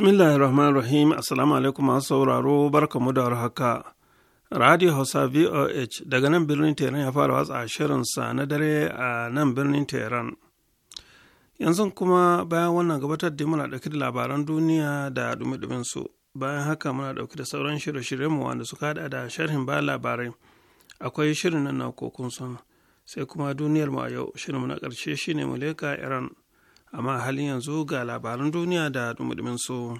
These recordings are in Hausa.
Bismillahirrahmanirrahim. Assalamu alaikum masu sauraro barkamu da haka. Radio Hausa VOH daga nan birnin Tehran ya fara watsa sa na dare a nan birnin Tehran. Yanzu kuma bayan wannan gabatar da muna ɗauki da labaran duniya da dumi su. Bayan haka muna ɗauki da sauran shirye-shiryenmu wanda suka haɗa da sharhin ba labarai. Akwai shirin nan na kokun sun sai kuma duniyar mu a yau shirin na karshe shine mu leƙa Iran. amma halin yanzu ga labaran duniya da dumudumin su.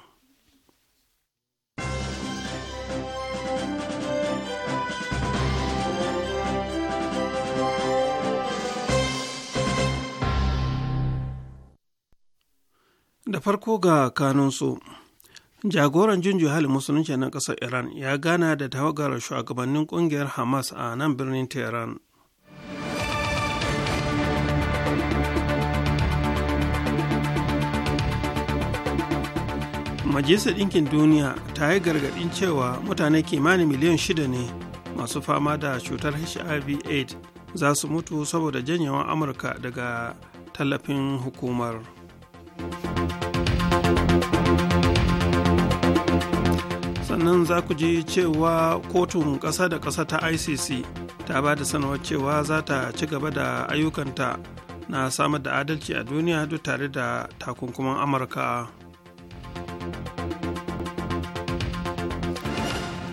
da farko ga kanunsu jagoran jin halin musulunci na ƙasar iran ya gana da tawagar shugabannin kungiyar hamas a nan birnin tehran majalisar ɗinkin duniya ta yi gargaɗin cewa mutane kimanin miliyan shida ne masu fama da cutar hiv 8 za su mutu saboda janyewa amurka daga tallafin hukumar sannan za ku ji cewa kotun ƙasa da ƙasa ta icc ta ba da sanarwar cewa za ta ci gaba da ayyukanta na samar da adalci a duniya duk tare da takunkuman amurka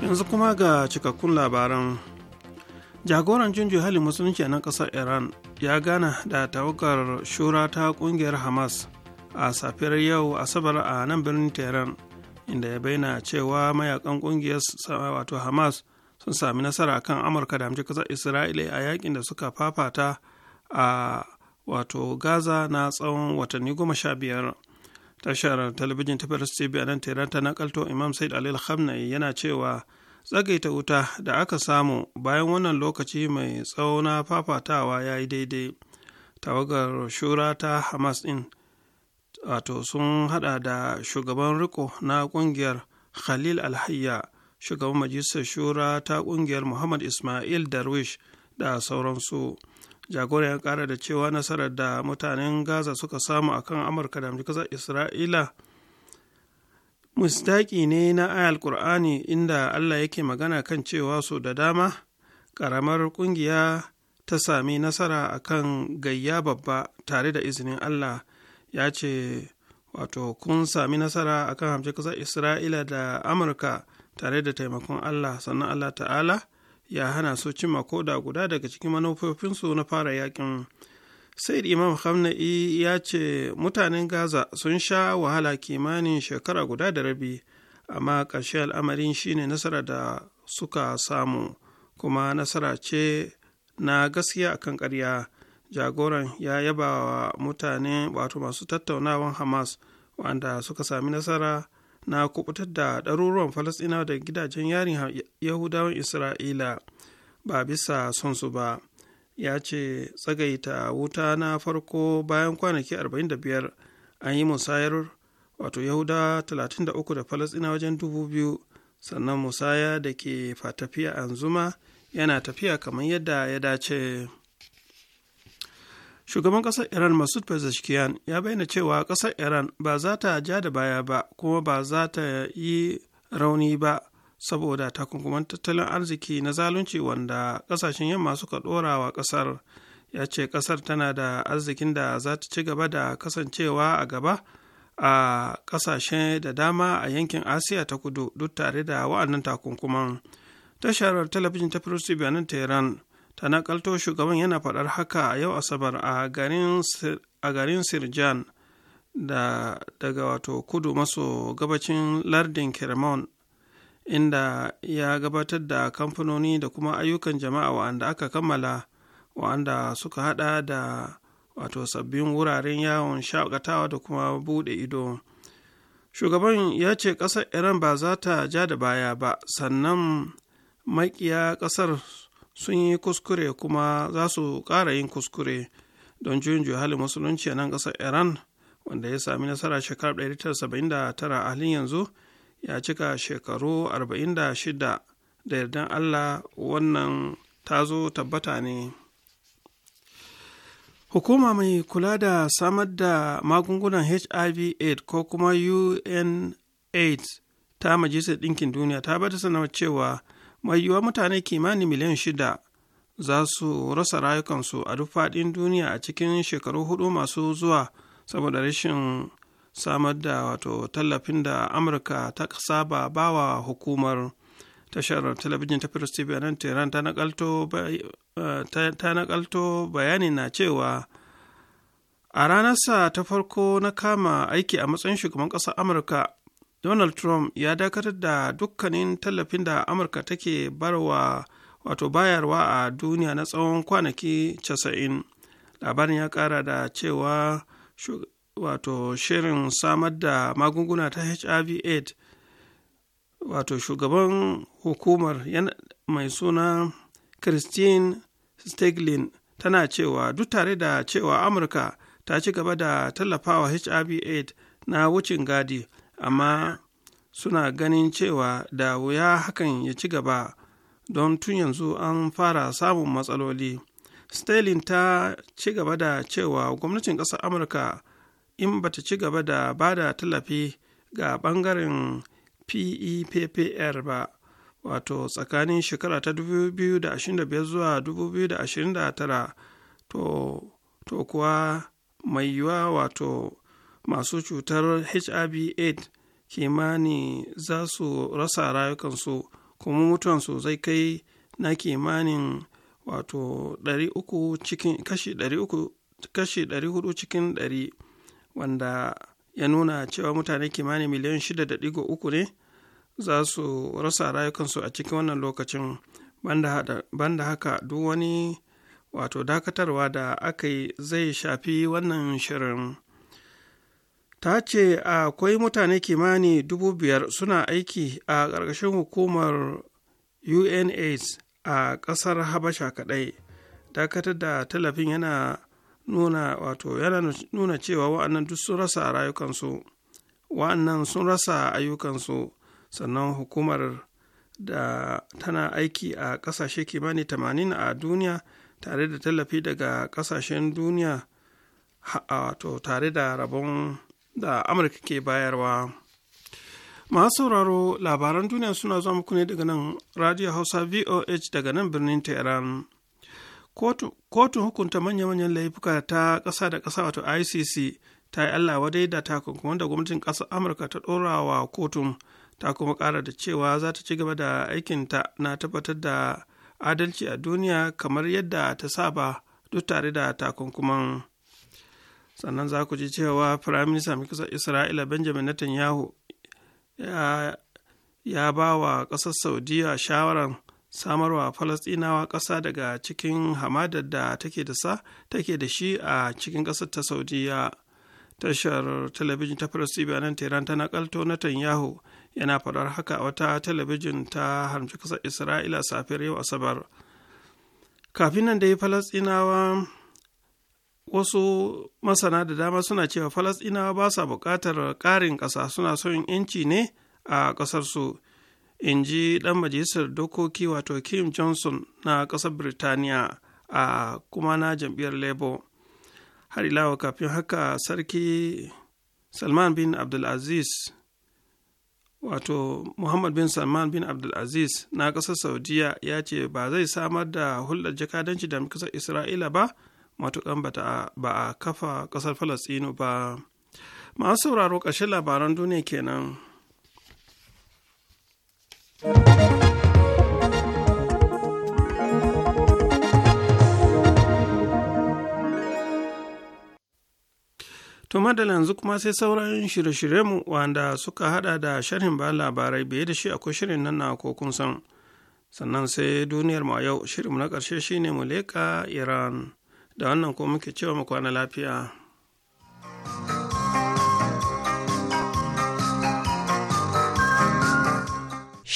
yanzu kuma ga cikakkun labaran jagoran jinjin hali musulunci a nan iran ya gana da tawakar shura ta kungiyar hamas a safiyar yau asabar a nan birnin tehran inda ya bayyana cewa mayakan kungiyar wato hamas sun sami nasara kan amurka da hamshe kasar isra'ila a yakin da suka fafata a wato gaza na tsawon watanni goma sha biyar tashar talabijin ta paris tv a nan tehran ta nakalto imam said alil khamnai yana cewa tsagaita wuta da aka samu bayan wannan lokaci mai tsawo na fafatawa ya yi daidai tawagar shura ta hamas din wato sun hada da shugaban riko na kungiyar khalil alhayya shugaban majalisar shura ta kungiyar muhammad ismail darwish da sauransu jagoran ya kara da cewa nasarar da mutanen gaza suka samu akan amurka da amurka isra'ila mustaki ne na ayal qur'ani inda allah yake magana kan cewa su da dama karamar kungiya ta sami nasara akan gayya babba tare da izinin allah ya ce wato kun sami nasara akan hamshe kasar isra'ila da amurka tare da taimakon allah sannan allah ta'ala ya hana su cimma koda guda daga cikin manufofinsu na fara yakin said imam hamna'i ya ce mutanen gaza sun sha wahala kimanin shekara guda da rabi amma ƙarshe al'amarin shine nasara da suka samu kuma nasara ce na gaskiya akan ƙarya jagoran ya yaba wa mutane wato masu tattaunawan hamas wanda suka sami nasara na kubutar da ɗaruruwan falasɗinawa da gidajen yarin yahudawan isra'ila ba bisa son su ba ya ce tsagaita wuta na farko bayan kwanaki 45 an yi musayar wato yahuda 33 da falasɗina wajen 2000 sannan musaya da ke tafiya fatafiya zuma yana tafiya kamar yadda ya dace shugaban ƙasar iran masud pezeshkian ya bayyana cewa ƙasar iran ba za ta ja da baya ba kuma ba za ta yi rauni ba saboda takunkuman tattalin arziki na zalunci wanda ƙasashen yamma suka ɗora wa ƙasar ya ce ƙasar tana da arzikin da za ta ci gaba da kasancewa a gaba a ƙasashe da dama a yankin asiya ta kudu duk tare da wa'annan takunkuman tasharar talabijin ta firosti bayanan tehran ta nakalto shugaban yana faɗar haka a yau asabar a garin sirjan da daga wato kudu maso gabacin lardin kermon inda ya gabatar da kamfanoni da kuma ayyukan jama'a wa'anda aka kammala wa'anda suka hada da wato sabbin wuraren yawon shakatawa da kuma bude ido shugaban ya ce ƙasar iran ba za ta ja da baya ba sannan maƙiya ƙasar sun yi kuskure kuma za su ƙara yin kuskure don juyin halin musulunci a nan ƙasar iran wanda ya sami nasara shekarar 1979 a halin yanzu ya cika shekaru 46 da yardan allah wannan tazo tabbata ne hukuma mai kula da samar da magungunan hiv aid ko kuma un aids ta majalisar ɗinkin duniya ta bata sanarwar cewa mai yiwuwa mutane kimanin miliyan shida za su rasa rayukansu a duk faɗin duniya a cikin shekaru hudu masu zuwa saboda rashin samar da wato tallafin da amurka ta saba bawa hukumar tashar talabijin ta first tv nan tehran eh, ta nakalto bayani na cewa a ranarsa ta farko na kama aiki a matsayin shugaban ƙasar amurka donald trump ya dakatar da dukkanin tallafin da amurka take barwa wato bayarwa a duniya na tsawon kwanaki 90 labarin ya kara da cewa wato shirin samar da magunguna ta hiv aids wato shugaban hukumar mai suna christine steglin tana cewa duk tare da cewa amurka ta ci gaba da tallafawa hiv aids na wucin gadi amma suna ganin cewa da wuya hakan ya ci gaba don tun yanzu an fara samun matsaloli sterling ta ci gaba da cewa gwamnatin ƙasar amurka in ba ta ci gaba da ba da tallafi ga ɓangaren peppr ba wato tsakanin shekara ta 2025 zuwa 2029 to, to kuwa mai yiwuwa wato masu cutar hiv/aids kimani za su rasa rayukansu kuma mutuwansu zai kai na kimanin wato kashi 300 kashi 400 cikin 100 wanda ya nuna cewa mutane kimanin miliyan 6.3 ne za su rasa rayukansu a cikin wannan lokacin banda haka duk wani wato dakatarwa da aka yi zai shafi wannan shirin ta ce akwai mutane kimani dubu biyar suna aiki a ƙarƙashin hukumar unaids a ƙasar habasha kaɗai dakatar da talafin yana nuna wato yana nuna cewa wa'annan duk sun rasa rayukansu wa'annan sun rasa ayyukansu sannan hukumar da tana aiki a ƙasashe kimani tamanin a duniya tare da tallafi daga ƙasashen duniya wato tare da rabon da amurka ke bayarwa masu sauraro labaran duniya suna zuwa muku ne daga nan radio hausa voh daga nan birnin tehran kotun hukunta manya-manyan laifuka ta ƙasa da ƙasa wato icc ta yi allah wadai da takunkuman da gwamnatin ƙasar amurka ta ɗora wa kotun ta kuma ƙara da cewa za ta ci gaba da aikinta na tabbatar da adalci a duniya kamar yadda ta saba duk tare da takunkuman. sannan za ku ji cewa firaminista mai kasar isra'ila benjamin netanyahu ya, ya ba wa ƙasar saudiya shawarar samarwa falasɗinawa ƙasa daga cikin hamadar da take da sa take da shi a cikin ƙasar ta saudiya tashar talabijin ta faras tv nan tehran ta nakalto netanyahu yana faɗar haka a wata talabijin ta harmci ƙasar isra'ila safiyar yau asabar kafin nan dai falasɗinawa wasu masana da dama suna cewa falasɗinawa ba sa buƙatar ƙarin ƙasa suna son yanci ne a ƙasarsu in ji ɗan majalisar dokoki wato kim johnson na ƙasar birtaniya a kuma na jam'iyyar labour har ilawa kafin haka sarki salman bin abdulaziz wato muhammad bin salman bin abdulaziz na ƙasar saudiya ya ce ba zai samar da hulɗar jakadanci da ƙasar isra'ila ba matukan ba a kafa ƙasar falastinu ba masu sauraro ƙarshen labaran duniya kenan. tumar da yanzu kuma sai sauran shirye-shiryenmu wanda suka hada da sharhin ba labarai biye da shi akwai shirin nan na ko san. Sannan sai duniyar ma yau shirinmu na ƙarshe shine mu leka Iran. da wannan ko muke cewa mu kwana lafiya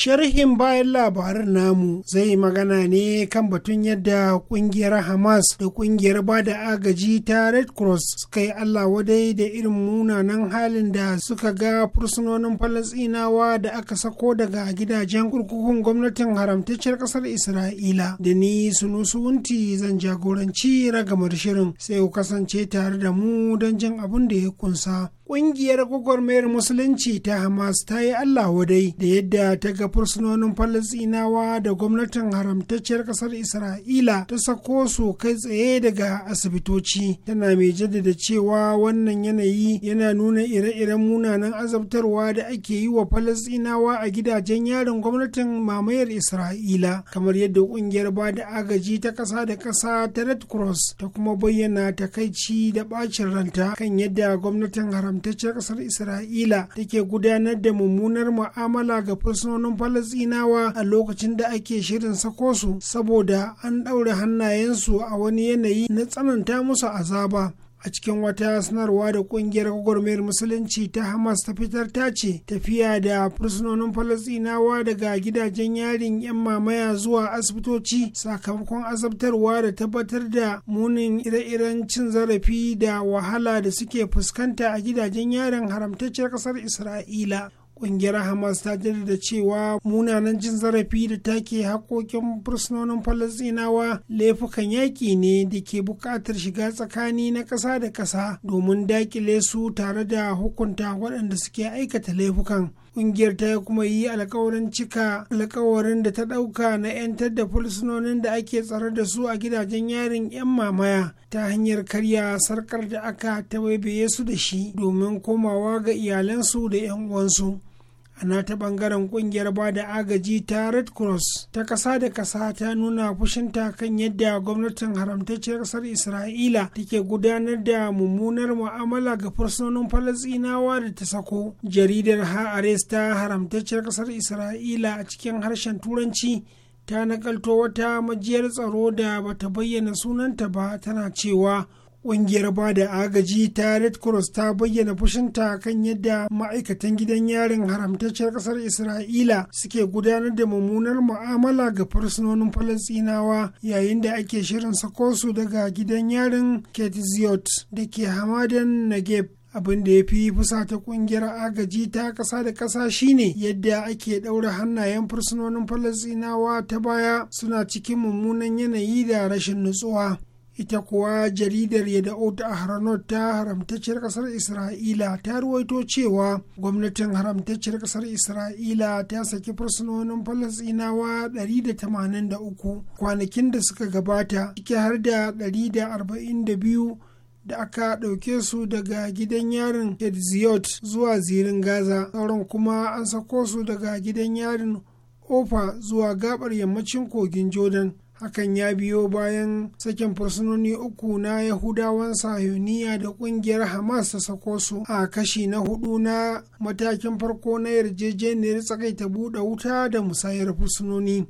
Sharhin bayan labarin namu zai magana ne kan batun yadda kungiyar Hamas da kungiyar bada agaji ta Red Cross suka yi Allah wadai da irin munanan halin da suka ga fursunonin Falasinawa da aka sako daga gidajen kurkukun gwamnatin haramtacciyar kasar Isra'ila. Da ni Sunusu Wunti zan jagoranci ragamar shirin sai ku kasance tare da mu don jin abin da ya kunsa. Ƙungiyar gwagwarmayar Musulunci ta Hamas ta yi Allah wadai da yadda ta ga fursunonin Falasinawa da gwamnatin haramtacciyar ƙasar Isra'ila ta sako su kai tsaye daga asibitoci. Tana mai jaddada cewa wannan yanayi yana nuna ire-iren munanan azabtarwa da ake yi wa Falasinawa a gidajen yarin gwamnatin mamayar Isra'ila, kamar yadda ƙungiyar ba da agaji ta ƙasa da ƙasa ta Red Cross ta kuma bayyana takaici da ɓacin ranta kan yadda gwamnatin haramtacciyar haramtacciyar ƙasar isra'ila da ke gudanar da mummunar mu'amala ga fursunonin falasinawa a lokacin da ake shirin sako su saboda an ɗaure hannayensu a wani yanayi na tsananta musu azaba a cikin wata sanarwa da kungiyar gwagwarmayar musulunci ta hamas ta fitar ta ce tafiya da fursunonin falasinawa daga gidajen yarin yan mamaya zuwa asibitoci sakamakon azabtarwa da tabbatar da munin ire-iren cin zarafi da wahala da suke fuskanta a gidajen yarin haramtacciyar ƙasar isra'ila kungiyar hamas ta jaddada cewa munanan jin zarafi da take hakokin fursunonin falasinawa laifukan yaƙi ne da ke buƙatar shiga tsakani na ƙasa da ƙasa domin daƙile su tare da hukunta waɗanda suke aikata laifukan ƙungiyar ta kuma yi alkawarin cika alkawarin da ta ɗauka na 'yantar da fursunonin da ake tsare da su a gidajen yarin 'yan mamaya ta hanyar karya sarkar da aka tawaye su da shi domin komawa ga iyalansu da 'yan uwansu. na ta bangaren kungiyar ba da agaji ta red cross ta kasa da kasa ta nuna fushinta kan yadda gwamnatin haramtacciyar kasar isra'ila take gudanar da mummunar mu'amala ga fursunonin falasinawa da ta sako jaridar ha'ares ta haramtacciyar kasar isra'ila a cikin harshen turanci ta nakalto wata majiyar tsaro da bata bayyana sunanta ba tana cewa Ƙungiyar ba da agaji ta Red Cross ta bayyana fushinta kan yadda ma'aikatan gidan yarin haramtacciyar ƙasar Isra'ila suke gudanar da mummunar mu'amala ga fursunonin Falasɗinawa yayin da ake shirin sako su daga gidan yarin Ketziot da ke hamadan nageb abin da ya fi fusata kungiyar agaji ta ƙasa da ƙasa shine yadda ake ɗaura hannayen fursunonin falasinawa ta baya suna cikin mummunan yanayi da rashin nutsuwa ita kuwa jaridar Yada'ut Haranot ta haramtacciyar kasar Isra'ila ta ruwaito cewa gwamnatin haramtacciyar kasar Isra'ila ta saki fursunonin Falasinawa 183 kwanakin da suka gabata ciki har da 142 da aka ɗauke su daga gidan yarin Hedziot zuwa zirin Gaza, sauran kuma an sako su daga gidan yarin Ofa zuwa gabar yammacin kogin Jordan. hakan ya biyo bayan sakin fursunoni uku na yahudawan sahuniya da kungiyar hamas ta sako su a kashi na hudu na matakin farko na yarjejeniyar tsakaita buɗe wuta da musayar fursunoni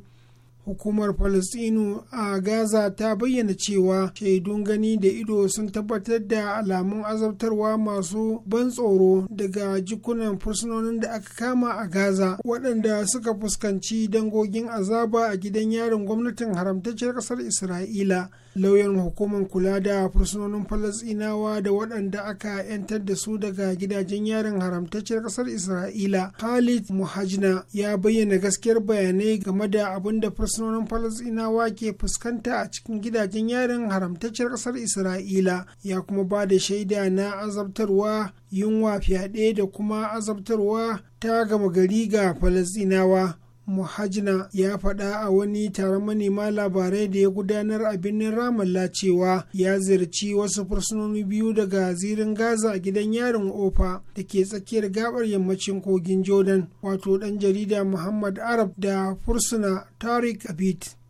hukumar palestinu a gaza ta bayyana cewa shaidun gani da ido sun tabbatar da alamun azabtarwa masu ban tsoro daga jikunan fursunonin da aka kama a gaza waɗanda suka fuskanci dangogin azaba a gidan yarin gwamnatin haramtacciyar ƙasar isra'ila lauyan hukumar kula da fursunonin falasinawa da waɗanda aka 'yantar da su daga gidajen yarin haramtacciyar ƙasar isra'ila khalid muhajna ya bayyana gaskiyar bayanai game da abin da fursunonin falasinawa ke fuskanta a cikin gidajen yarin haramtacciyar ƙasar isra'ila ya kuma ba da shaida na azabtarwa yunwa fyaɗe da kuma azabtarwa ta gama gari ga falasinawa muhajina ya faɗa a wani taron manema labarai da ya gudanar a birnin ramallah cewa ya ziyarci wasu fursunoni biyu daga zirin gaza a gidan yarin ofa da ke tsakiyar gabar yammacin kogin jordan wato ɗan jarida muhammad arab da fursuna tariq abid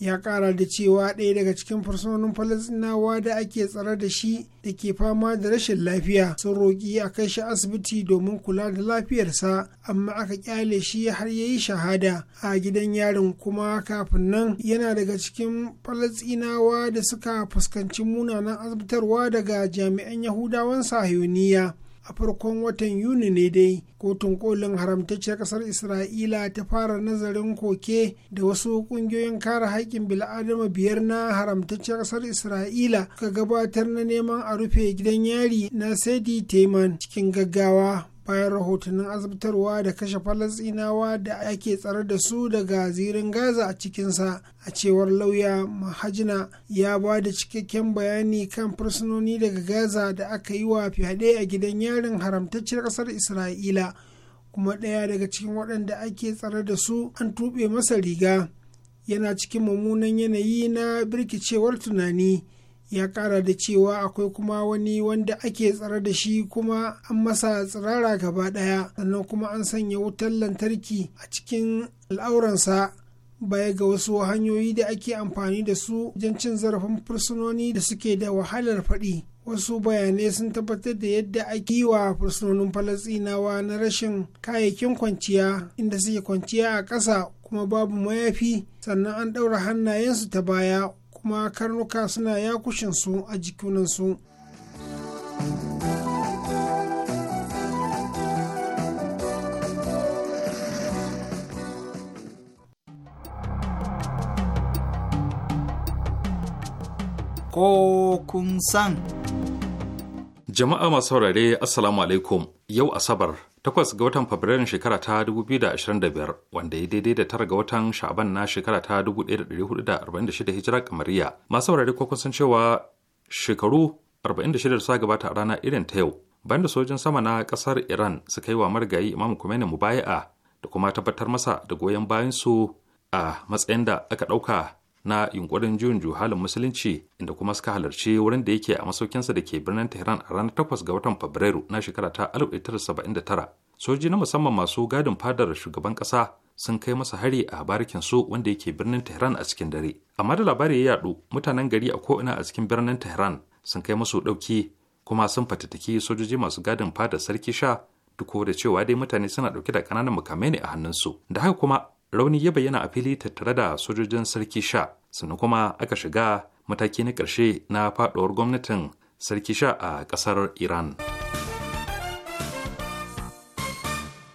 ya kara da cewa ɗaya daga cikin fursunonin falasinawa da ake tsare da shi da ke fama da rashin lafiya sun roƙi a kai shi asibiti domin kula da lafiyarsa amma aka ƙyale shi har ya yi shahada a gidan yarin kuma kafin nan yana daga cikin falasinawa da suka fuskanci munanan azabtarwa daga jami'an yahudawan sahiyoniya a farkon watan yuni ne dai kotun kolin haramtacciyar kasar isra'ila ta fara nazarin koke da wasu kungiyoyin kare haƙƙin bil'adama biyar na haramtacce kasar isra'ila ka gabatar na neman a rufe gidan yari na sadi teman cikin gaggawa bayan rahotannin azabtarwa da kashe falasinawa da ake tsare da su daga zirin gaza a cikinsa a cewar lauya mahajina ya ba da cikakken bayani kan fursunoni daga gaza da aka yi wa fyaɗe a gidan yarin haramtacciyar ƙasar isra'ila kuma ɗaya daga cikin waɗanda ake tsare da su an tuɓe masa riga yana cikin mummunan yanayi na birkicewar tunani ya kara da cewa akwai kuma wani wanda ake tsare da shi kuma an masa tsirara gaba ɗaya sannan kuma an sanya wutar lantarki a cikin al'auransa baya ga wasu hanyoyi da ake amfani da su wajen cin zarafin fursunoni da suke da wahalar faɗi wasu bayanai sun tabbatar da yadda ake yi wa fursunonin falasinawa na rashin kayayyakin kwanciya inda suke kwanciya a ƙasa kuma babu mayafi sannan an ɗaura hannayensu ta baya kuma karnuka suna su a jikunansu ko kun san jama'a masu saurare assalamu alaikum yau asabar takwas ga watan Fabrairun shekara ta 2025 wanda ya daidai da tara ga watan Shaban na shekara ta 1446 hijira kamariya. Masu saurari ko kun cewa shekaru 46 da suka gabata a rana irin ta yau. bayan da sojin sama na kasar Iran suka yi wa marigayi Imam mu mubaya'a da kuma tabbatar masa da goyon bayan su a matsayin da aka ɗauka na yunkurin juyin juhalin musulunci inda kuma suka halarci wurin da yake a masaukinsa da ke birnin tehran a ranar 8 ga watan fabrairu na shekara ta 1979 soji na musamman masu gadin fadar shugaban kasa sun kai masa hari a barikin su wanda yake birnin tehran a cikin dare amma da labari ya yadu mutanen gari a ko'ina a cikin birnin tehran sun kai masu dauki kuma sun fatattaki sojoji masu gadin fadar sarki sha duk da cewa dai mutane suna dauke da kananan mukamai ne a hannunsu da haka kuma rauni ya bayyana a fili tattare da sojojin sarki sha sannan kuma aka shiga mataki na ƙarshe na faɗuwar gwamnatin sarki sha a ƙasar iran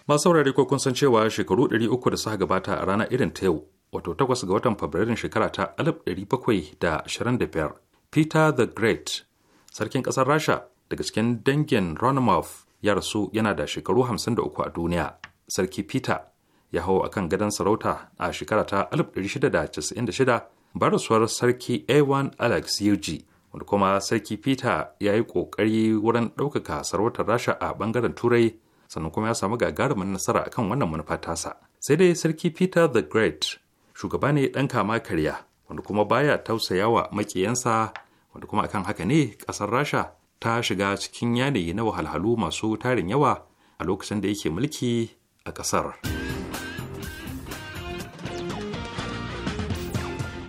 masu saurari ko kun san cewa shekaru 300 da suka gabata a rana irin ta yau wato 8 ga watan fabrairun shekara ta 1725 peter the great sarkin ƙasar rasha daga cikin dangin ronimov ya rasu yana da shekaru 53 a duniya sarki peter ya hau akan gadon sarauta a shekara ta 1696 barasuwar sarki a1 alex yuji wanda kuma sarki peter ya yi ƙoƙari wurin ɗaukaka sarautar rasha a ɓangaren turai sannan kuma ya samu gagarumin nasara akan wannan manufa tasa sai dai sarki peter the great shugaba ne ɗan kama karya wanda kuma baya wa makiyansa wanda kuma akan haka ne ƙasar rasha ta shiga cikin yanayi na wahalhalu masu tarin yawa a lokacin da yake mulki a ƙasar.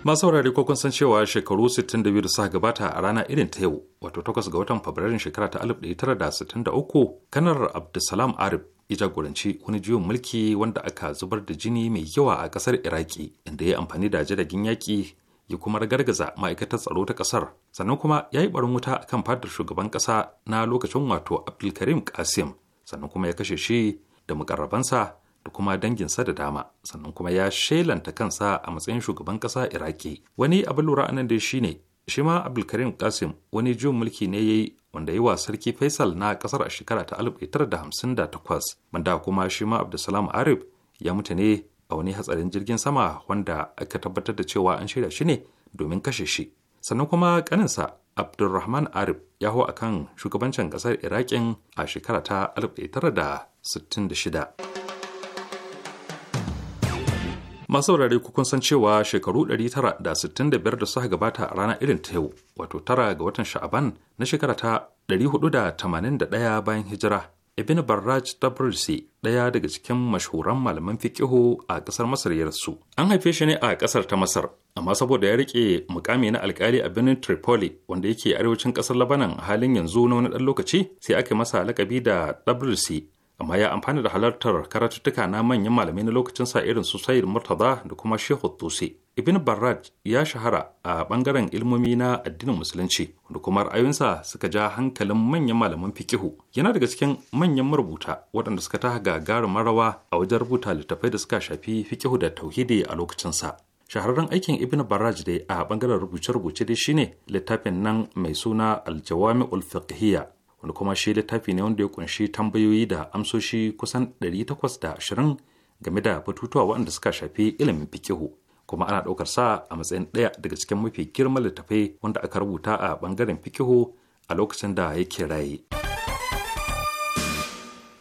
masu wurare ko kun san cewa shekaru 62 da suka gabata a rana irin ta yau wato 8 ga watan fabrairun shekara ta 1963 kanar abdulsalam arif ya jagoranci wani juyin mulki wanda aka zubar da jini mai yawa a kasar iraki inda ya yi amfani da jiragen yaƙi ya kuma ragargaza ma'aikatar tsaro ta kasar sannan kuma ya yi barin wuta a kan fadar shugaban kasa na lokacin wato abdulkarim kasim sannan kuma ya kashe shi da mukarrabansa da kuma danginsa da dama sannan kuma ya shelanta kansa a matsayin shugaban ƙasa iraki wani abin lura anan dai shine shi ma abdulkarim kasim wani juyin mulki ne ya yi wanda yi wa sarki faisal na ƙasar a shekara ta 1958 banda kuma shi ma abdulsalam arif ya mutu ne a wani hatsarin jirgin sama wanda aka tabbatar da cewa an shirya shi ne domin kashe shi sannan kuma kaninsa abdulrahman arif ya hau akan shugabancin ƙasar iraƙin a shekara ta shida. masu saurare ku kun san cewa shekaru 965 da suka gabata a rana irin ta yau wato tara ga watan sha'aban na shekara ta 481 bayan hijira ibn barraj tabrisi ɗaya daga cikin mashhuran malaman fiqihu a ƙasar masar ya rasu an haife shi ne a ƙasar ta masar amma saboda ya rike mukami na alkali a birnin tripoli wanda yake arewacin ƙasar labanan halin yanzu na wani ɗan lokaci sai aka masa lakabi da tabrisi amma ya amfana da halartar karatuttuka na manyan malamai na lokacin sa irin su Sayyid Murtaza da kuma Shehu Tusi. Ibn Barraj ya shahara a bangaren ilmomi na addinin musulunci da kuma ra'ayoyinsa suka ja hankalin manyan malaman fikihu. Yana daga cikin manyan marubuta waɗanda suka taha gagarumin marawa a wajen rubuta littattafai da suka shafi fikihu da tauhidi a lokacin sa. shahararren aikin ibn barraj dai a bangaren rubuce-rubuce dai shine littafin nan mai suna aljawami ulfiqhiyya wanda kuma shi littafi ne wanda ya kunshi tambayoyi da amsoshi kusan 820 game da batutuwa waɗanda suka shafi ilimin fikihu kuma ana ɗaukar sa a matsayin ɗaya daga cikin mafi girman littafai wanda aka rubuta a ɓangaren fikihu a lokacin da yake raye.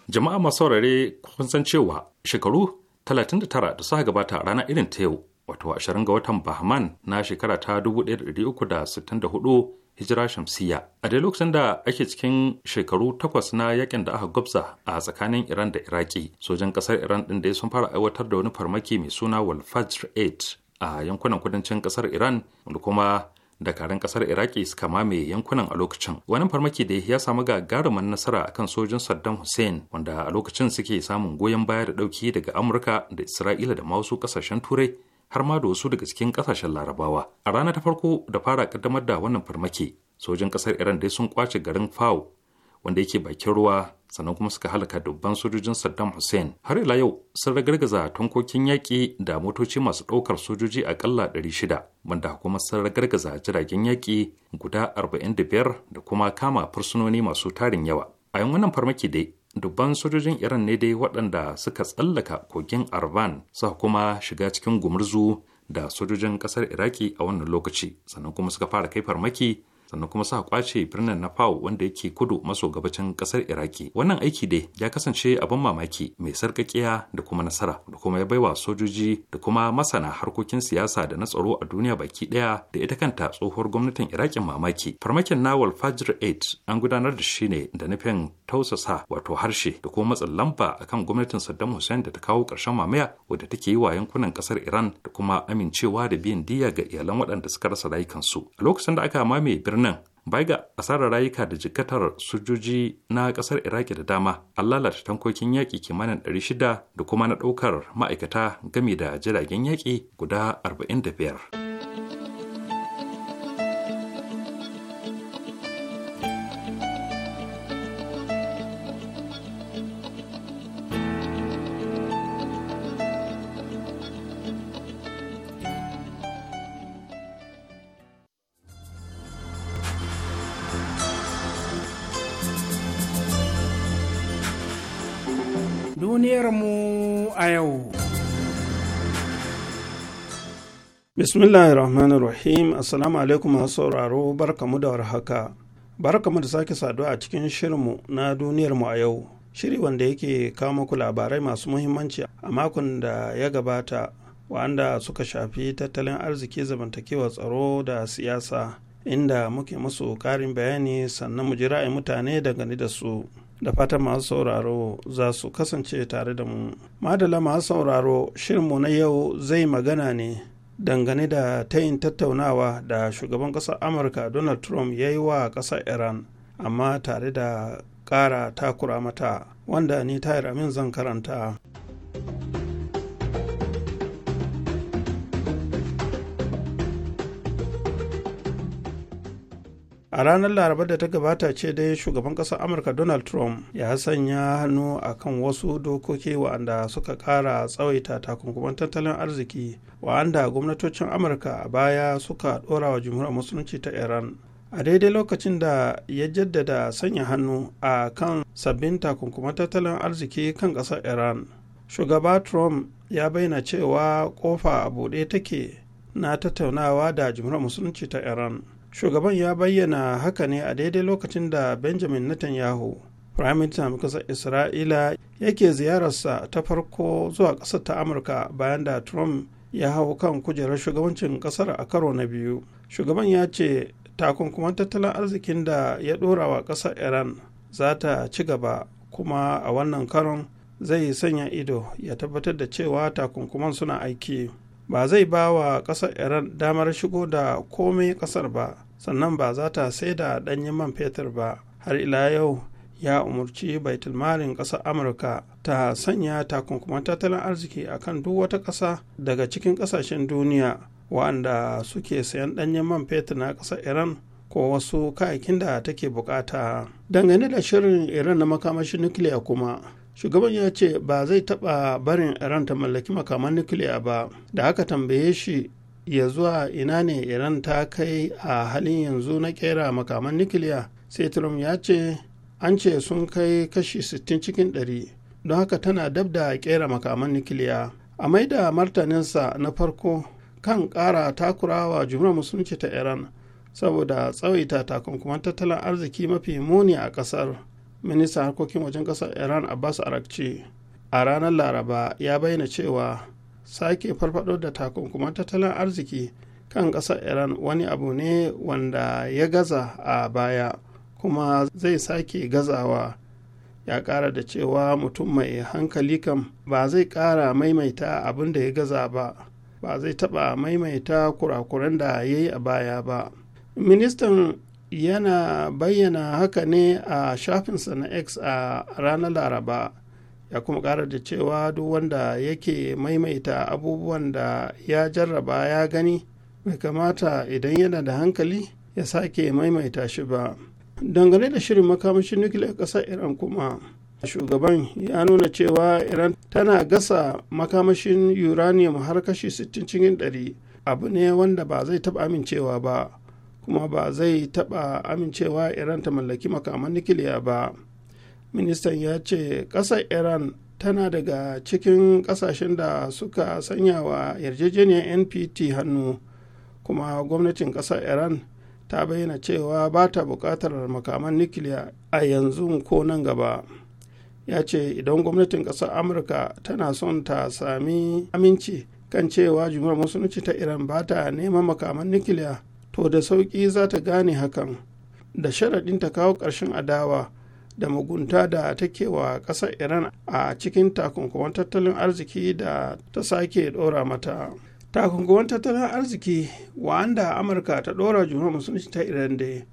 Jama'a masu saurare kun san cewa shekaru 39 da suka gabata a ranar irin ta yau wato 20 ga watan Bahman na shekara ta 1364 hijira shamsiyya a dai lokacin da ake cikin shekaru takwas na yakin da aka gwabza a tsakanin iran da iraki sojan kasar iran din dai sun fara aiwatar da wani farmaki mai suna WalFajr 8 a yankunan kudancin kasar iran wanda kuma dakarun kasar iraki suka mamaye yankunan a lokacin wani farmaki da ya samu gagarumin nasara akan sojin saddam hussein wanda a lokacin suke samun goyon baya da ɗauki daga amurka da isra'ila da ma kasashen turai har ma da wasu daga cikin kasashen larabawa a rana ta farko da fara kaddamar da wannan farmaki sojin kasar iran dai sun kwace garin fao wanda yake bakin ruwa sannan kuma suka halaka dubban sojojin saddam hussein har ila yau sun ragargaza tankokin yaƙi da motoci masu ɗaukar sojoji aƙalla shida, wanda kuma sun ragargaza jiragen yaƙi guda 45 da kuma kama fursunoni masu tarin yawa a yan wannan farmaki dai dubban sojojin iran ne dai waɗanda suka tsallaka kogin arvan suka kuma shiga cikin gumurzu da sojojin ƙasar iraki a wannan lokaci sannan kuma suka fara kai farmaki sannan kuma suka kwace birnin na Pau wanda yake kudu maso gabacin kasar Iraki. Wannan aiki dai ya kasance abin mamaki mai sarkakiya da kuma nasara da kuma ya baiwa sojoji da kuma masana harkokin siyasa da na tsaro a duniya baki ɗaya da ita kanta tsohuwar gwamnatin Irakin mamaki. Farmakin Nawal Fajr 8 an gudanar da shi ne da nufin tausasa wato harshe da kuma matsin lamba akan gwamnatin Saddam Hussein da ta kawo ƙarshen mamaya wadda take yi wa yankunan kasar Iran da kuma amincewa da biyan diya ga iyalan waɗanda suka rasa rayukansu. A lokacin da aka mamaye birnin birnin bai ga asarar rayuka da jikatar sojoji na kasar iraki da dama an lalata tankokin yaƙi kimanin 600 da kuma na ɗaukar ma'aikata gami da jiragen yaƙi guda 45 Duniyarmu a yau. Bismillahir Rahmanir Rahim, Assalamu alaikum masu sauraro barkamu da warhaka. Barkamu da sake saduwa a cikin shirinmu na duniyarmu a yau. Shiri wanda yake kawo muku labarai masu muhimmanci a makon da ya gabata wanda suka shafi tattalin arziki zamantakewa tsaro da siyasa inda muke musu ƙarin bayani sannan mu ji ra'ayin mutane dangane da su. da fatan masu sauraro za su kasance tare da mu madala masu sauraro shirinmu na yau zai magana ne dangane da tayin tattaunawa da shugaban ƙasar amurka donald trump ya yi wa ƙasar iran amma tare da ƙara takura mata wanda ni tayar amin zan karanta a ranar laraba da ta gabata ce dai shugaban ƙasar amurka donald trump ya sanya hannu a kan wasu dokoki wa'anda suka kara tsawaita takunkuman tattalin arziki wa'anda gwamnatocin amurka a baya suka ɗora wa jimhuriyar musulunci ta iran a daidai lokacin da ya jaddada sanya hannu a kan sabbin takunkuman tattalin arziki kan ƙasar iran shugaba trump ya bayyana cewa kofa a buɗe take na tattaunawa da jimhuriyar musulunci ta iran shugaban ya bayyana haka ne a daidai lokacin da benjamin netanyahu na kasar isra'ila yake ziyararsa ta farko zuwa kasar ta amurka bayan da trump ya hau kan kujerar shugabancin kasar a karo na biyu shugaban ya ce takunkuman tattalin arzikin da ya ɗora wa kasar iran za ta ci gaba kuma a wannan karon zai sanya ido ya tabbatar da cewa takunkuman suna aiki ba zai ba wa ƙasar iran damar shigo da komai ƙasar ba sannan ba za ta sai da ɗanyen man fetur ba har ila yau ya umarci baitulmarin ƙasar amurka ta sanya takunkuman tattalin arziki a kan duk wata ƙasa daga cikin ƙasashen duniya wa'anda suke sayan ɗanyen man fetur na ƙasar iran ko wasu kayakin da take bukata dangane da shirin iran na makamashin nukiliya kuma shugaban ya ce ba zai taɓa barin iran ta mallaki makaman nukiliya ba da aka tambaye shi ya zuwa ina ne iran ta kai a halin yanzu na kera makaman nukiliya sai trump ya ce an ce sun kai kashi 60 cikin 100 don haka tana dab da kera makaman nukiliya a maida martaninsa na farko kan kara takurawa jumla musulunci ta iran saboda tsawaita takunkuman tattalin arziki mafi muni a kasar ministan harkokin wajen ƙasar iran abbas arakci a ranar laraba ya bayyana cewa sake farfado da takunkuman tattalin arziki kan ƙasar iran wani abu ne wanda ya gaza a baya kuma zai sake gazawa ya kara da cewa mutum mai hankali kam ba zai kara maimaita abin da ya gaza ba ba zai taɓa maimaita kurakuran da ya yi a baya ba ministan yana bayyana haka ne a shafinsa na x a ranar laraba ya kuma ƙara da cewa duk wanda yake maimaita abubuwan da ya jarraba ya gani bai kamata idan yana da hankali ya sake maimaita shi ba dangane da shirin makamashin nukiliyar ƙasar iran kuma shugaban ya nuna cewa iran tana gasa makamashin uranium har kashi 60 cikin 100 abu ne wanda ba zai taɓa amincewa ba kuma ba zai taɓa amincewa iran ta mallaki makaman nikiliya ba ministan ya ce ƙasar iran tana daga cikin ƙasashen da suka sanya wa yarjejeniyar npt hannu kuma gwamnatin ƙasar iran ta bayyana cewa ba ta buƙatar makaman nikiliya a yanzu ko nan gaba ya ce idan gwamnatin ƙasar amurka tana son ta sami aminci kan cewa jumhuriyar musulunci ta iran ba ta neman makaman nikiliya to da sauƙi za ta gane hakan da sharaɗin ta kawo ƙarshen adawa da mugunta da take wa ƙasar iran a cikin takunkuwan tattalin arziki da ta sake ɗora mata takunkuwan tattalin arziki wa'anda amurka ta ɗora juna musulunci ta iran da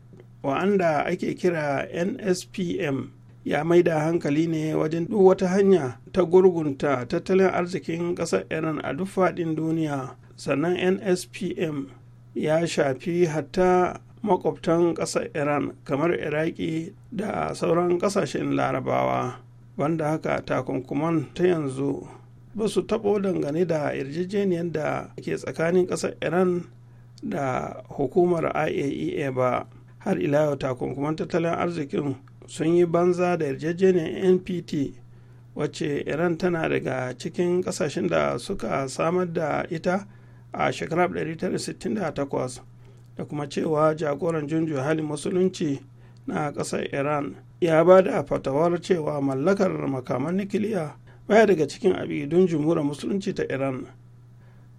wa'anda ake kira nspm ya mai da hankali ne wajen duk wata hanya ta gurgunta tattalin arzikin ƙasar iran a duk faɗin duniya sannan nspm ya shafi hatta makwabtan ƙasar iran kamar iraki da sauran ƙasashen larabawa wanda haka takunkuman ta yanzu ba su taɓo dangane da yarjejeniyar da ke tsakanin ƙasar iran da hukumar iaea e ba har ila yau takunkuman tattalin arzikin sun yi banza da yarjejeniyar npt wacce iran tana daga cikin ƙasashen da suka samar da ita a shekarar 1968 da kuma cewa jagoran junju halin musulunci na ƙasar iran ya ba da fatawar cewa mallakar makaman nikiliya baya daga cikin abidun jumhuriyar musulunci ta iran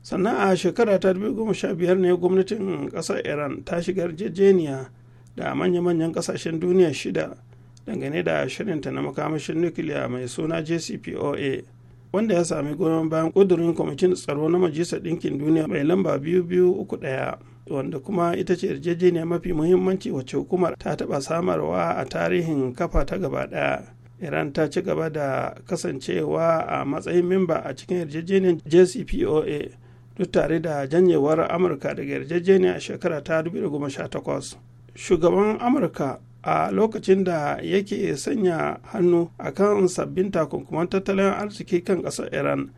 sannan a shekara ta 2015 ne gwamnatin ƙasar iran ta shiga jejeniya da manya-manyan ƙasashen duniya shida dangane da shirinta na makamashin nukiliya mai suna jcpoa wanda ya sami goyon bayan kudurin kwamitin tsaro na majalisar ɗinkin duniya mai lamba biyu biyu uku ɗaya wanda kuma ita ce yarjejeniya mafi muhimmanci wacce hukumar ta taɓa samarwa a tarihin kafa ta gaba ɗaya iran ta ci gaba da kasancewa a matsayin mimba a cikin yarjejeniyar jcpoa duk tare da janyewar amurka daga yarjejeniya a shekara ta 2018 shugaban amurka a lokacin da yake sanya hannu akan sabbin takunkuman tattalin arziki kan ƙasar iran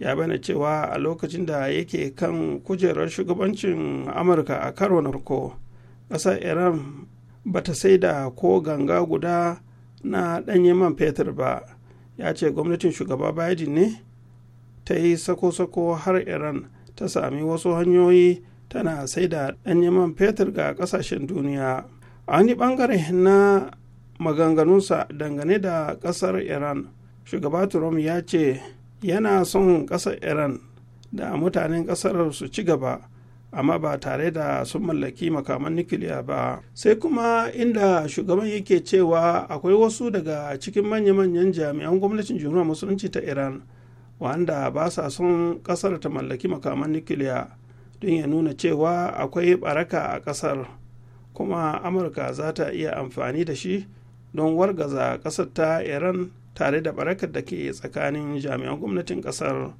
ya bayyana cewa a lokacin da yake kan kujerar shugabancin amurka a karo na farko ƙasar iran ba ta saida ko ganga guda na ɗanyen man fetur ba ya ce gwamnatin shugaba biden ne ta yi sako-sako har iran ta sami wasu hanyoyi tana saida ɗanyen man fetur ga ƙasashen duniya a wani bangare na maganganunsa dangane da kasar iran shugaba trump ya ce yana son kasar iran da mutanen kasar su ci gaba amma ba tare da sun mallaki makaman nukiliya ba sai kuma inda shugaban yake cewa akwai wasu daga cikin manya-manyan jami'an gwamnatin jumhuriyar musulunci ta iran wanda ba sa son kasar ta mallaki makaman nukiliya don ya nuna cewa akwai baraka a kasar kuma amurka za ta iya amfani da shi don wargaza ƙasar ta iran tare da barakar da ke tsakanin jami'an gwamnatin ƙasar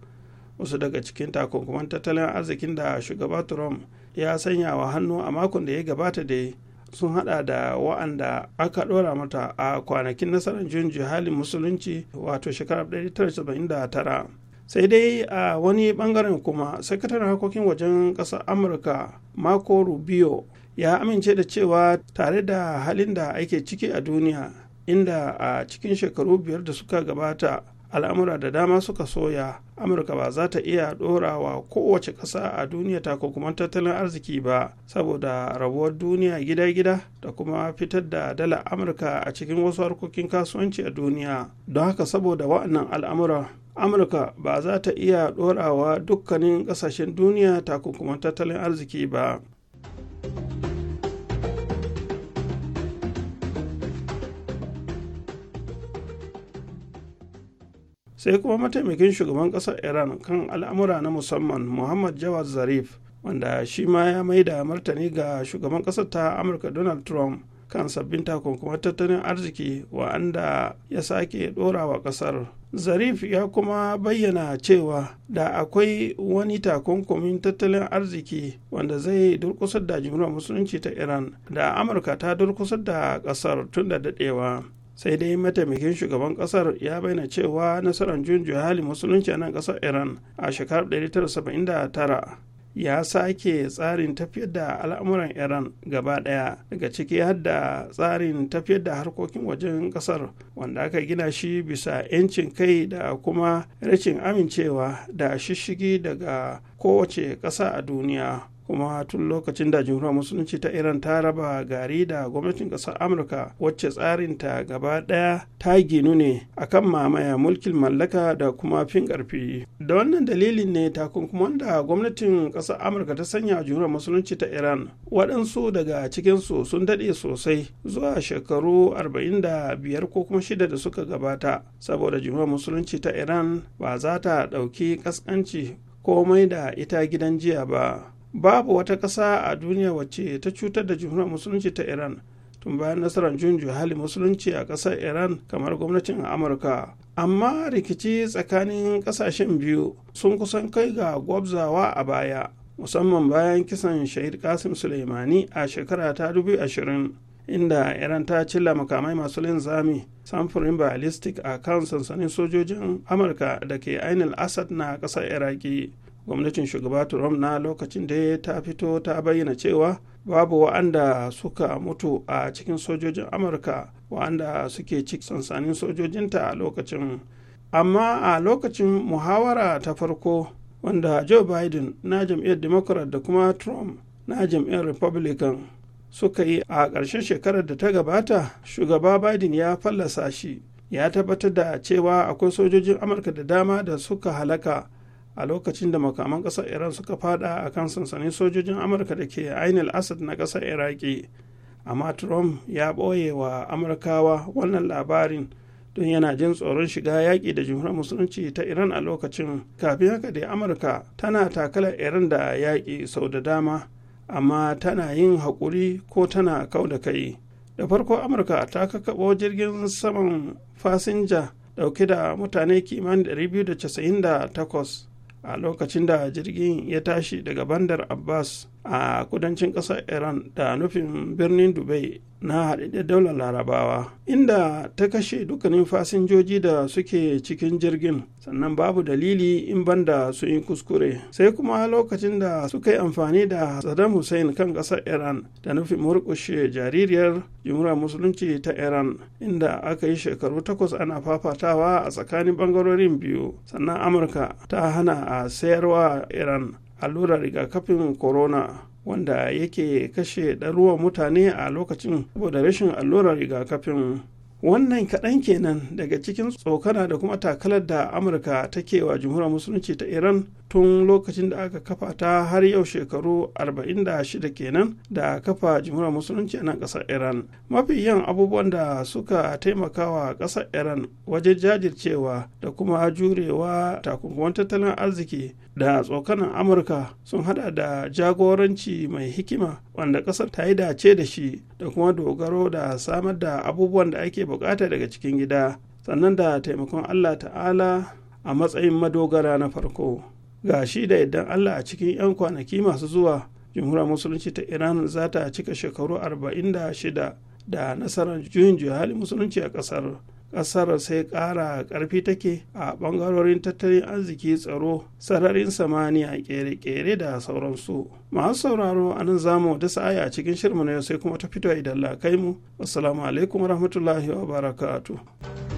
wasu daga cikin takunkuman tattalin arzikin da shugaba trump ya sanya wa hannu a makon da ya gabata da sun hada da wa'anda aka dora mata a kwanakin nasarar jin jihalin musulunci wato shekarar 1979 sai dai a wani bangaren kuma sakataren harkokin wajen ƙasar amurka marco rubio ya amince da cewa tare da halin da ake ciki a duniya inda a cikin shekaru biyar da suka gabata al'amura da dama suka soya amurka ba za ta iya dorawa kowace ƙasa a duniya ta kuma tattalin arziki ba saboda rabuwar duniya gida-gida da kuma fitar da dala amurka a cikin wasu harkokin kasuwanci a duniya don haka saboda wa'annan al'amura amurka ba za ta iya dorawa dukkanin ƙasashen duniya ta kuma tattalin arziki ba sai kuma mataimakin shugaban ƙasar iran kan al'amura na musamman muhammad jawad zarif wanda shi ma ya mai da martani ga shugaban ƙasar ta amurka donald trump kan sabbin takunkuman tattalin arziki wa'anda ya sake wa kasar. zarif ya kuma bayyana cewa da akwai wani takunkumin tattalin arziki wanda zai durkusar da jumhuriyar musulunci ta iran da amurka ta durkusar da kasar tun da dadewa. sai dai mataimakin shugaban kasar ya bayyana cewa nasarar junjiya hali musulunci a nan kasar iran a shekarar 1979 ya sake tsarin tafiyar da al'amuran iran gaba daya daga ciki har da tsarin tafiyar da harkokin wajen kasar wanda aka gina shi bisa 'yancin kai da kuma rashin amincewa da shishigi daga kowace ƙasa a duniya kuma tun lokacin da jumhuriyar musulunci ta iran ta raba gari da gwamnatin ƙasar amurka wacce tsarin ta gaba ɗaya ta ginu ne a kan mamaya mulkin mallaka da kuma fin ƙarfi da wannan dalilin ne takunkuman da gwamnatin ƙasar amurka ta sanya a musulunci ta iran waɗansu daga cikinsu sun daɗe sosai zuwa shekaru 45 ko kuma shida da suka gabata saboda jumhuriyar musulunci ta iran ba za ta ɗauki ƙasƙanci komai da ita gidan jiya ba babu wata ƙasa a duniya wacce ta cutar da jumhuriyar musulunci ta iran tun bayan nasarar junju hali musulunci a ƙasar iran kamar gwamnatin amurka amma rikici tsakanin ƙasashen biyu sun kusan kai ga gwabzawa a baya musamman bayan kisan shahid kasim suleimani a shekara ta 2020 inda iran ta cilla makamai masu linzami samfurin ballistic a kan sansanin sojojin amurka da ke ainihin asad na ƙasar iraki gwamnatin shugaba trump na lokacin da ta fito ta bayyana cewa babu wa'anda suka mutu a cikin sojojin amurka wa'anda suke cikin sansanin sojojinta a lokacin amma a lokacin muhawara ta farko wanda joe biden na jam'iyyar democrat da kuma trump na jam'iyyar republican suka yi a ƙarshen shekarar da ta gabata shugaba biden ya fallasa shi ya tabbatar da cewa akwai sojojin amurka da dama da suka halaka a lokacin da makaman ƙasar iran suka fada a kan sansanin sojojin amurka da ke ainihin asad na ƙasar iraki amma trump ya ɓoye wa amurkawa wannan labarin don yana jin tsoron shiga yaƙi da jimhuriyar musulunci ta iran a lokacin kafin haka dai amurka tana takalar iran da yaƙi sau da dama amma tana yin haƙuri ko tana kau da kai da farko amurka ta kakaɓo jirgin saman fasinja dauke da mutane kimanin 298 a lokacin da jirgin ya tashi daga bandar abbas a kudancin ƙasar iran da nufin birnin dubai na da daular larabawa inda ta kashe dukkanin fasinjoji da suke cikin jirgin sannan babu dalili in banda su yi kuskure sai kuma lokacin da suka yi amfani da saddam hussein kan ƙasar iran da nufin murƙushe jaririyar jimura musulunci ta iran inda aka yi shekaru takwas ana fafatawa a tsakanin ɓangarorin biyu sannan amurka ta hana a sayarwa iran allurar rigakafin corona wanda yake kashe ɗaruwar mutane a lokacin saboda rashin allurar rigakafin wannan kaɗan kenan daga cikin tsokana da kuma takalar da amurka ta kewa jamhuriyar musulunci ta iran tun lokacin da aka kafa ta har yau shekaru 46 kenan da kafa jamhuriyar musulunci a nan ƙasar iran mafi yan abubuwan da suka taimaka wa ƙasar iran wajen jajircewa da kuma jurewa takunkuman tattalin arziki da tsokanan amurka sun hada da jagoranci mai hikima wanda ƙasar ta yi dace da shi da kuma dogaro da samar da abubuwan da ake bukata daga cikin gida sannan da taimakon allah ta'ala a matsayin madogara na farko ga shi da idan allah a cikin 'yan kwanaki masu zuwa jamhuriyar musulunci ta iran za ta cika shekaru 46 da nasarar juyin juhali musulunci a kasar kasar sai kara karfi take a bangarorin tattalin arziki tsaro sararin samaniya kere-kere da sauransu masu sauraro a nan zamu da sa'ayi a cikin shirmu na yau sai kuma ta fito idan la kai mu assalamu alaikum warahmatullahi wabarakatuh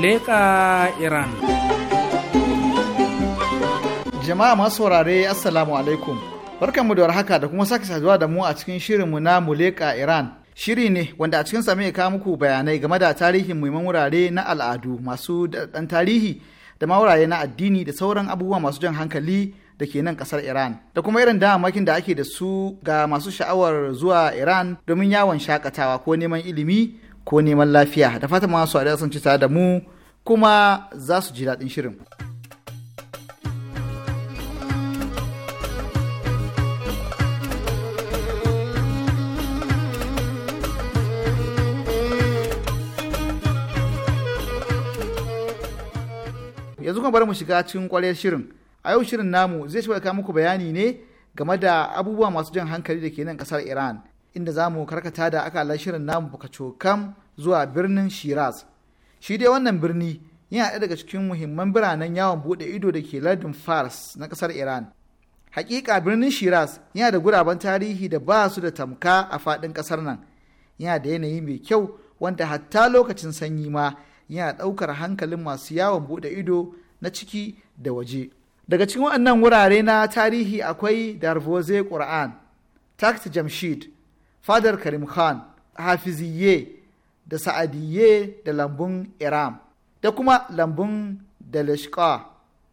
leka iran jama'a masu saurare assalamu alaikum barkanmu da warhaka da kuma sake saduwa da mu a cikin shirinmu na muleka iran shiri ne wanda a cikin same kawo muku bayanai game da tarihin muhimman wurare na al'adu masu dan tarihi da ma wurare na addini da sauran abubuwa masu jan hankali da ke nan kasar Iran da kuma irin damamakin da ake da su ga masu sha'awar zuwa Iran domin yawon shakatawa ko neman ilimi ko neman lafiya da fata masu a sun ci tare da mu kuma za su ji daɗin shirin. yanzu kuma bari mu shiga cikin kwarar shirin a yau shirin namu zai shi muku bayani ne game da abubuwa masu jan hankali da ke nan kasar iran inda za mu karkata da akalar shirin namu bukacokam zuwa birnin shiraz shi dai wannan birni yana ɗaya daga cikin muhimman biranen yawon buɗe ido da ke lardin fars na ƙasar iran hakika birnin shiraz yana da guraben tarihi da ba su da tamka a faɗin ƙasar nan yana da yanayi mai kyau wanda hatta lokacin sanyi ma yana ɗaukar hankalin masu yawon buɗe ido na ciki da waje daga cikin waɗannan wurare na tarihi akwai darvoze ƙur'an takt jamshid fadar karim khan hafiziye da sa'adiyye da lambun iram da kuma lambun dalashka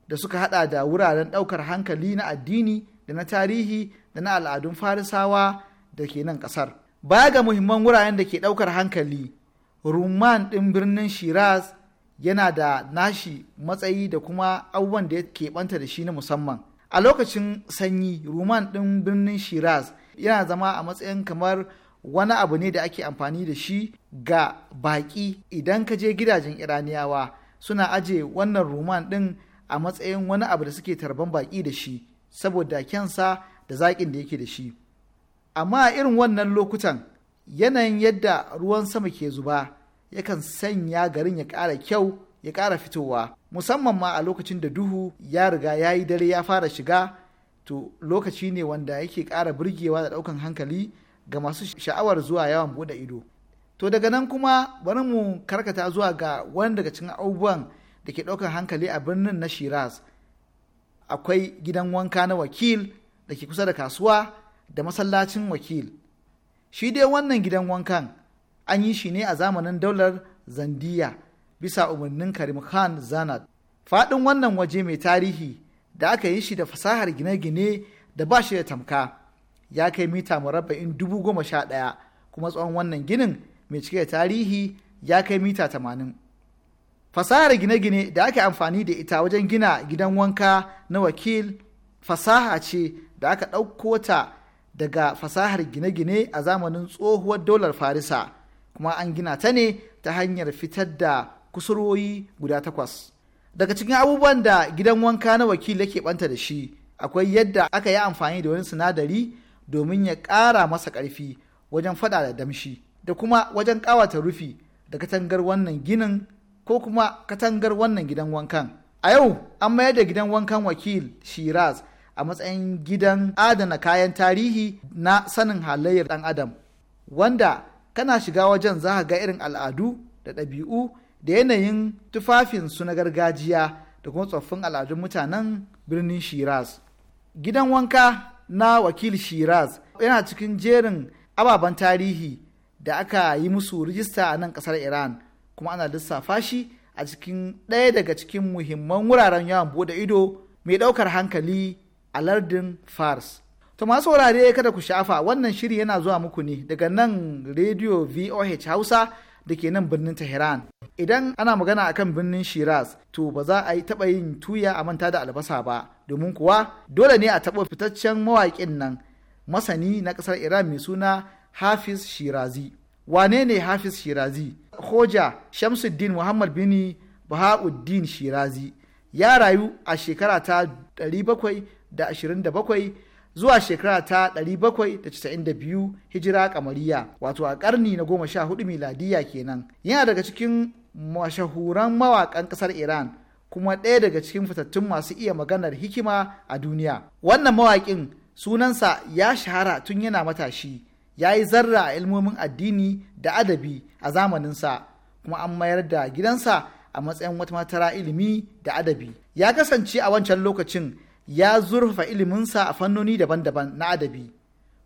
da suka hada da wuraren daukar hankali na addini da na tarihi da na al'adun farisawa da ke nan kasar baya ga muhimman wuraren da ke daukar hankali rumman ɗin birnin shiraz yana da nashi matsayi da kuma abubuwan da ya keɓanta da shi na musamman a lokacin sanyi rumman ɗin birnin shiraz yana zama a matsayin kamar wani abu ne da ake amfani da shi ga baƙi idan ka je gidajen iraniyawa suna aje wannan roman ɗin a matsayin wani abu da suke tarban baƙi da shi saboda kyansa da zaƙin da yake da shi amma irin wannan lokutan yanayin yadda ruwan sama ke zuba yakan sanya garin ya ƙara kyau ya ƙara fitowa musamman ma a lokacin da duhu ya riga ya yi dare ya fara shiga to lokaci ne wanda yake ƙara burgewa da ɗaukan hankali ga masu sha'awar zuwa yawan buɗe ido to daga nan kuma bari mu karkata zuwa ga wani daga cikin abubuwan da ke ɗaukan hankali a birnin na shiraz akwai gidan wanka na wakil da ke kusa da kasuwa da masallacin wakil shi dai wannan gidan wankan an yi shi ne a zamanin daular zandiya bisa umarnin karim khan zanat faɗin wannan waje mai tarihi da aka yi shi da fasahar gine-gine da ba shi da tamka ya kai mita murabba'in dubu goma sha ɗaya kuma tsawon wannan ginin mai cike da tarihi ya kai mita tamanin fasahar gine-gine da aka amfani da ita wajen gina gidan wanka na wakil fasaha ce da aka ɗauko ta daga fasahar gine-gine a zamanin tsohuwar dolar farisa kuma an gina ta ne ta hanyar fitar da kusurwoyi guda takwas. daga cikin abubuwan da gidan wanka na wakil yake banta da shi akwai yadda aka yi amfani da wani sinadari domin ya ƙara masa ƙarfi wajen faɗa da damshi da kuma wajen ƙawata rufi da katangar wannan ginin ko kuma katangar wannan gidan wankan a yau an mayar da gidan wankan wakil shiraz a matsayin gidan adana kayan tarihi na sanin halayyar ɗan adam wanda kana shiga wajen za ga irin al'adu da ɗabi'u da yanayin tufafinsu na gargajiya da kuma tsoffin al'adun mutanen birnin shiraz gidan wanka na wakil shiraz yana cikin jerin ababen tarihi da aka yi musu rijista a nan kasar iran kuma ana lissafa shi a cikin ɗaya daga cikin muhimman wuraren yawon bude ido mai ɗaukar hankali a lardin fars to masu wurare kada ku shafa wannan shiri yana zuwa muku ne daga nan rediyo voh hausa da ke nan birnin Tehran. Idan ana magana akan birnin Shiraz, to ba za a yi taɓa yin tuya a manta da albasa ba, domin kuwa dole ne a taɓa fitaccen mawaƙin nan masani na ƙasar Iran mai suna Hafiz Shirazi. Wane ne Hafiz Shirazi? Hoja Shamsuddin Muhammad Bini Bahauddin Shirazi ya rayu a shekara ta 727 zuwa shekara ta 792 hijira kamariya wato a karni na 14 miladiya kenan yana daga cikin mashahuran mawakan kasar iran kuma ɗaya daga cikin fitattun masu iya maganar hikima a duniya wannan mawakin sunansa ya shahara tun yana matashi ya yi zarra a ilmomin addini da adabi a zamaninsa kuma an mayar da gidansa a matsayin wata matara ilimi da adabi ya kasance a wancan lokacin ya zurfafa iliminsa a fannoni daban-daban na adabi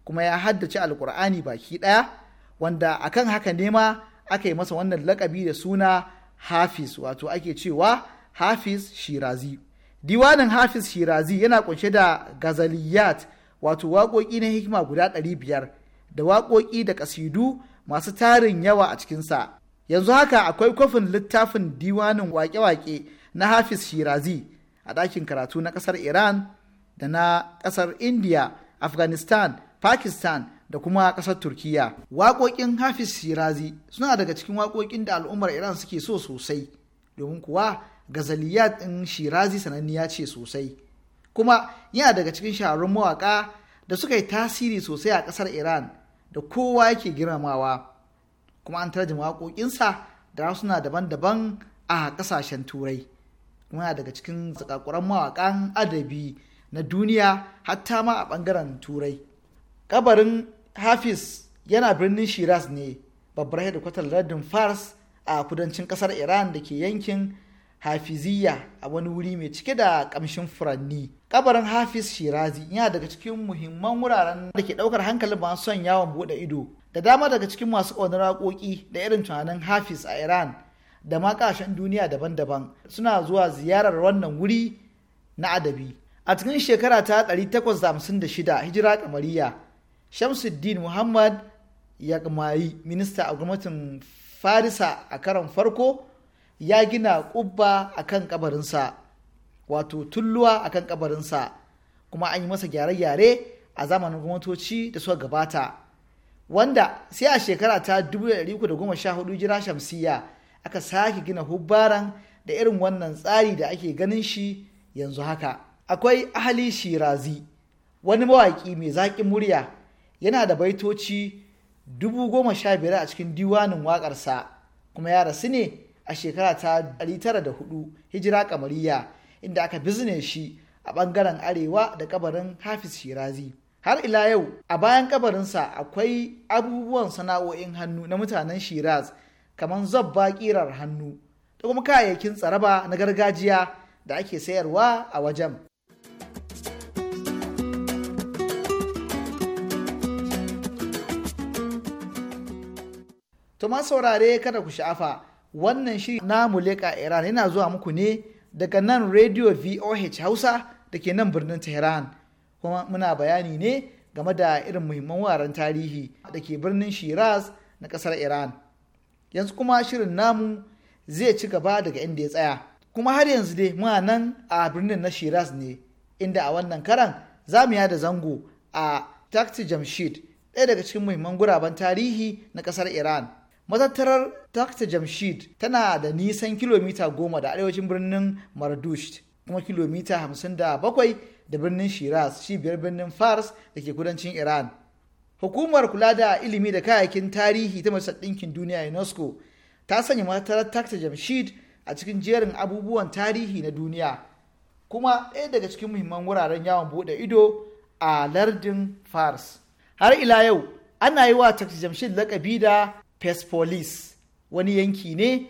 kuma ya haddace alkur'ani baki ɗaya wanda akan haka nema aka yi masa wannan lakabi da suna hafiz wato ake cewa hafiz shirazi diwanin hafiz shirazi yana kunshe da gazaliyat wato waƙoƙi na hikima guda ɗari biyar da waƙoƙi da ƙasidu masu tarin yawa a cikinsa yanzu haka akwai kwafin littafin diwanin wake-wake na hafiz shirazi a ɗakin karatu na ƙasar iran da na ƙasar india afghanistan pakistan da kuma ƙasar turkiya waƙoƙin hafiz shirazi suna daga cikin waƙoƙin da al'ummar iran suke so sosai domin kuwa gazaliyat ɗin shirazi sananniya ce sosai kuma yana daga cikin shahararrun mawaƙa da suka yi tasiri sosai a ƙasar iran da kowa yake girmamawa kuma an tarjima waƙoƙinsa da suna daban-daban a ƙasashen turai kuma yana daga cikin zakakuran mawaƙan adabi na duniya hatta ma a ɓangaren turai kabarin hafiz yana birnin shiraz ne babbar hedikwatar lardin fars a kudancin ƙasar iran da ke yankin hafiziya a wani wuri mai cike da ƙamshin furanni Ƙabarin hafiz shirazi yana daga cikin muhimman wuraren da ke ɗaukar hankalin masu son yawon buɗe ido da dama daga cikin masu ƙaunar waƙoƙi da irin tunanin hafiz a iran da ma kashen duniya daban-daban suna zuwa ziyarar wannan wuri na adabi a cikin shekara ta 856 hijira kamariya shamsuddin muhammad ya mayi minista a gwamnatin farisa a karon farko ya gina kubba a kan kabarinsa wato tulluwa a kan kabarinsa kuma an yi masa gyare-gyare a zamanin gwamnatoci da suka gabata wanda sai a shekara ta 1314 jira shamsiyya. aka sake gina hubbaran da irin wannan tsari da ake ganin shi yanzu haka akwai ahali shirazi wani mawaƙi mai zaƙin murya yana da baitoci dubu goma sha biyar a cikin diwanin waƙarsa kuma ya rasu ne a shekara ta 904 hijira kamariya inda aka bizne shi a ɓangaren arewa da kabarin hafiz shirazi har ila yau a bayan kabarinsa akwai abubuwan sana'o'in hannu na mutanen shiraz kamar zabba kirar hannu da kuma kayayyakin tsaraba na gargajiya da ake sayarwa a wajen. Tuma saurare kada ku sha'afa wannan shirin na muleka Iran yana zuwa muku ne daga nan Radio VOH Hausa da ke nan birnin Tehran kuma muna bayani ne game da irin muhimman wuraren tarihi da ke birnin Shiraz na ƙasar Iran. yanzu kuma shirin namu zai ci gaba daga inda ya tsaya kuma har yanzu dai muna nan a birnin na shiraz ne inda a wannan karan za mu yada zango a takti jamshid ɗaya daga cikin muhimman guraben tarihi na ƙasar iran matattarar takti jamshid tana da nisan kilomita goma da arewacin birnin mardush kuma kilomita hamsin da bakwai da birnin shiraz cibiyar birnin fars da ke kudancin iran hukumar kula da ilimi da kayayyakin tarihi ta masar ɗinkin duniya unesco ta sanya matarar takta jamshid a cikin jerin abubuwan tarihi na duniya kuma ɗaya daga cikin muhimman wuraren yawon buɗe ido a lardin fars har ila yau ana yi wa takta jamshid lakabi da persepolis wani yanki ne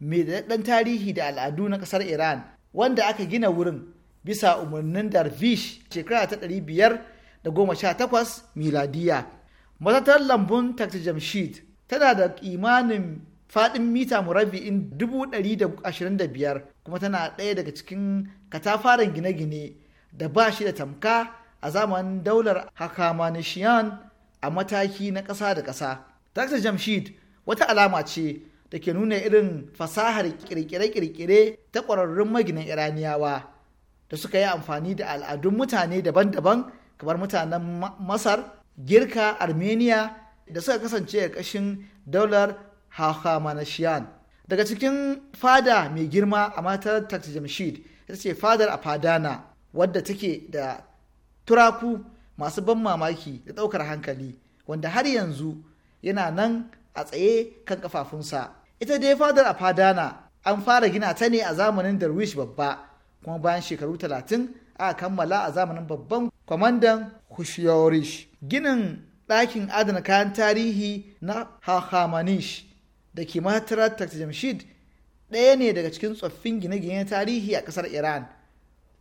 mai daɗaɗɗen tarihi da al'adu na ƙasar iran wanda aka gina wurin bisa umarnin darvish shekara ta ɗari biyar da goma sha takwas miladiya. Matatar lambun Takta Jamshid tana da imanin faɗin mita murabbi'in dubu ɗari da ashirin da biyar kuma tana ɗaya daga cikin katafaren gine-gine da ba shi da tamka a zamanin daular Hakamanishiyan a mataki na ƙasa da ƙasa. Takta Jamshid wata alama ce da ke nuna irin fasahar kirkire-kirkire ta ƙwararrun maginan iraniyawa da suka yi amfani da al'adun mutane daban-daban kamar mutanen masar girka armenia da suka kasance a ƙashin daular hakamanashiyan daga cikin fada mai girma a matar taksijamshid ita ce fadar a fadana wadda take da turaku masu ban mamaki da ɗaukar hankali wanda har yanzu yana nan a tsaye kan kafafunsa ita dai fadar a fadana an fara gina ta ne a zamanin darwish babba kuma bayan shekaru talatin aka kammala a zamanin babban kwamandan hushiyorish ginin ɗakin adana kayan tarihi na hahamanish da ke matarar jamshid ɗaya ne daga cikin tsoffin gine gine tarihi a ƙasar iran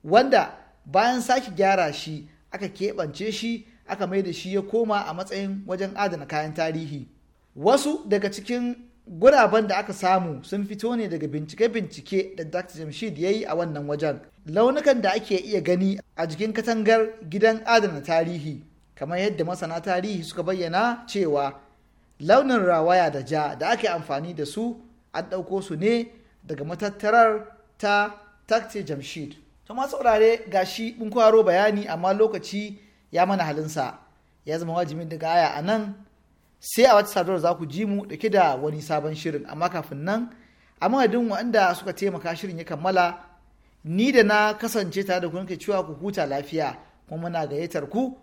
wanda bayan sake gyara shi aka keɓance shi aka mai da shi ya koma a matsayin wajen adana kayan tarihi wasu daga cikin guraben da aka samu sun fito ne daga bincike-bincike da dr jamshid ya yi a wannan wajen launukan da ake iya gani a jikin katangar gidan adana tarihi kamar yadda masana tarihi suka bayyana cewa launin rawaya da ja da ake amfani da su an ɗauko su ne daga matattarar ta takte jamshid to masu wurare gashi mun kwaro bayani amma lokaci ya mana halinsa ya zama wajibin daga aya a nan sai a wata sadarwar za ku ji mu da da wani sabon shirin amma kafin nan a madadin wa'anda suka taimaka shirin ya kammala ni da na kasance tare da ku cewa ku huta lafiya kuma muna gayyatar ku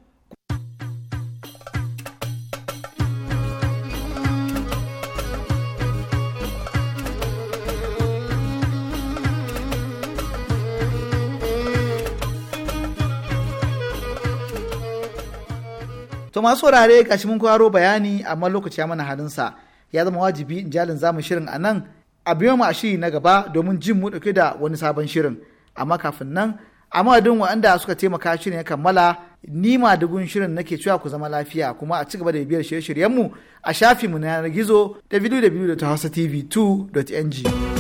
to masu wurare gashi mun kwaro bayani amma lokaci ya mana sa, ya zama wajibi in jalin zamu shirin a nan a biyo mu a shiri na gaba domin jin mu dauke da wani sabon shirin amma kafin nan a madadin waɗanda suka taimaka shirin ya kammala ni ma dugun shirin nake cewa ku zama lafiya kuma a ci gaba da biyar shirye-shiryenmu a shafinmu na yanar gizo www.hausatv2.ng.